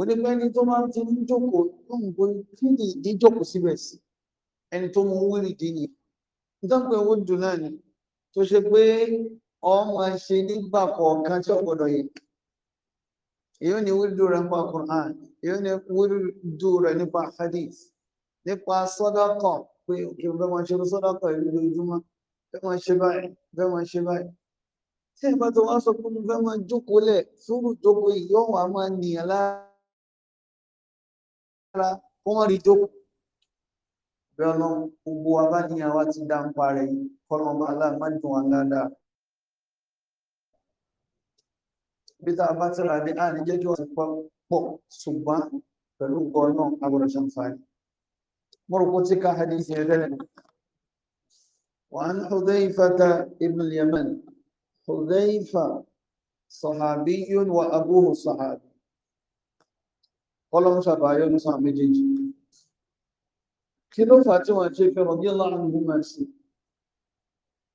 onígbẹ́ni tó máa ti ń jókòó lóhùn bó kí ni ìdí jókòó síbẹ̀ sí ẹni tó mú wíìlì dín ni ìdánpẹ́ owó dùn náà ni tó ṣe pé ọmọ ṣe nígbà kọ̀ọ̀kan tí ọ̀gbọ̀dọ̀ yìí èyí ni wíìlì dùn rẹ̀ nípa Quran èyí ni wíìlì dùn rẹ̀ nípa hadith nípa sọ́dọ̀kọ̀ pé òkè bẹ́ẹ̀ máa ṣe sọ́dọ̀kọ̀ ìlú lójúmọ́ bẹ́ẹ̀ máa ṣe báyìí bẹ́ẹ̀ máa ṣe báyìí tí ẹ bá tó wá sọ pé mo fẹ́ máa jókòó lẹ̀ sùúrù jókòó yìí yóò wá máa nìyàn lára lára kó wọ́n rí tó bẹ́ẹ̀ lọ gbogbo abáníyàn wa ti dá ń parẹ́ kọ́lọ́mọ aláàmájùn wa dáadáa bí tá a bá ti rà dé àárín jẹ́jọ́ ọ̀sẹ̀ pọ̀ ṣùgbọ́n pẹ̀lú nǹkan náà agbọ̀dọ̀ ṣàǹfààní. mo rò pé ó ti ká hadith yẹn tẹ́lẹ̀. وعن حذيفة ابن اليمن حذيفة صحابي وأبوه صحابي ọlọ́run ṣàbáyọ ní sáà méjèèjì kí ló fà tí wọ́n ṣe fẹ́ rọ̀bí ọlọ́run ní mẹ́sì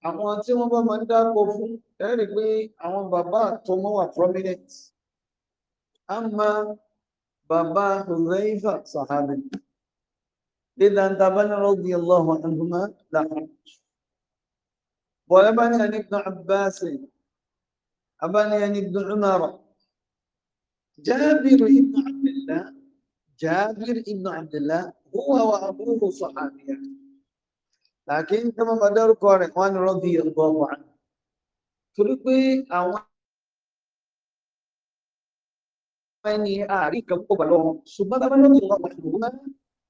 àwọn tí wọ́n bá máa ń dáko fún ẹ̀rí pé àwọn bàbá àtọmọ́ wà prominent a máa bàbá Hudhaifa sàhábì dídá ń tabá ní rọ̀bí ọlọ́run àdúmá làwọn bọ̀lẹ́bá ní ẹni Ibn Abbas abá ní ẹni Ibn Umar جابر بن عبد الله جابر بن عبد الله هو وأبوه صحابيان لكن كما بدر قرآن رضي الله عنه تلقي أوان أني أعرف قبلهم ثم دمنا الله عنهما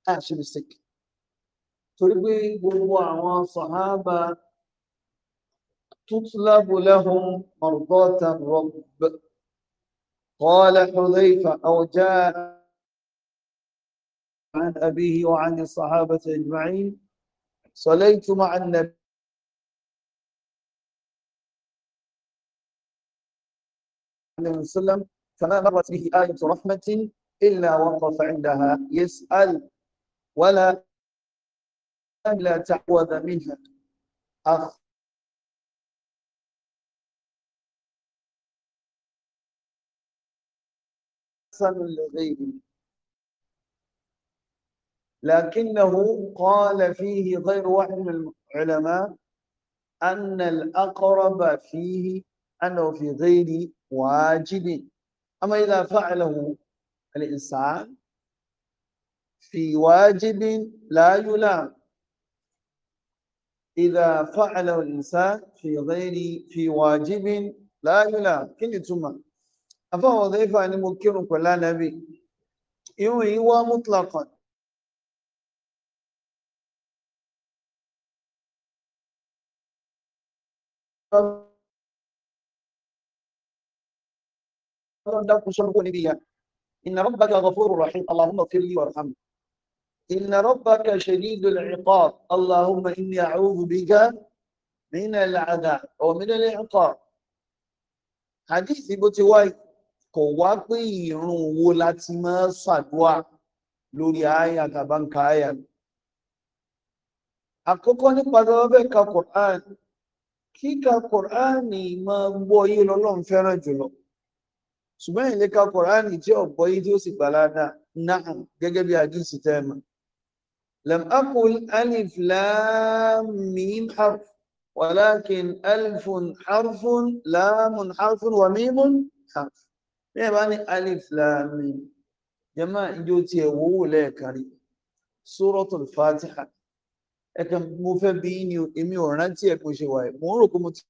أعشر السكة تلقي هو أوان صحابة تطلب لهم مرضاة الرب قال حذيفة أو جاء عن أبيه وعن الصحابة أجمعين صليت مع النبي صلى الله عليه وسلم فما مرت به آية رحمة إلا وقف عندها يسأل ولا لا تعوذ منها أخ أحسن لغيره لكنه قال فيه غير واحد من العلماء أن الأقرب فيه أنه في غير واجب أما إذا فعله الإنسان في واجب لا يلام إذا فعله الإنسان في غير في واجب لا يلام كلمه ثم àfọwọ́ وظيفة أن mo كل نبي يوي هو مطلقا إن ربك غفور رحيم اللهم اغفر لي وارحمني إن ربك شديد العقاب اللهم إني أعوذ بك من العذاب أو من العقاب حديث بوتي وايت kò wá pé ìrun owó láti mọ ṣàdúà lórí àyà tàbáǹkà àyà. Àkọ́kọ́ nípa lọ́wọ́bẹ̀ ka Qur'an, kíka Qur'an máa gbọ́ yé lọ́lọ́run fẹ́ràn jùlọ. Ṣùgbọ́n ìlé ka Qur'an tí ọ̀gbọ́ yé tí ó sì gbàládà náà gẹ́gẹ́ bí àdìsí tẹ́ẹ̀mà. Lam aqul alif lam mim harf ولكن ألف حرف لام حرف وميم حرف bí ẹ bá ní alif lam mim jẹ́mọ́ ìjọ tí ẹ wò wò lẹ́ẹ̀kárí suratul fatiha ẹ̀kan mo fẹ́ bí ní èmi ò rántí ẹ̀kùn ṣe wáyé mo ń rò pé mo ti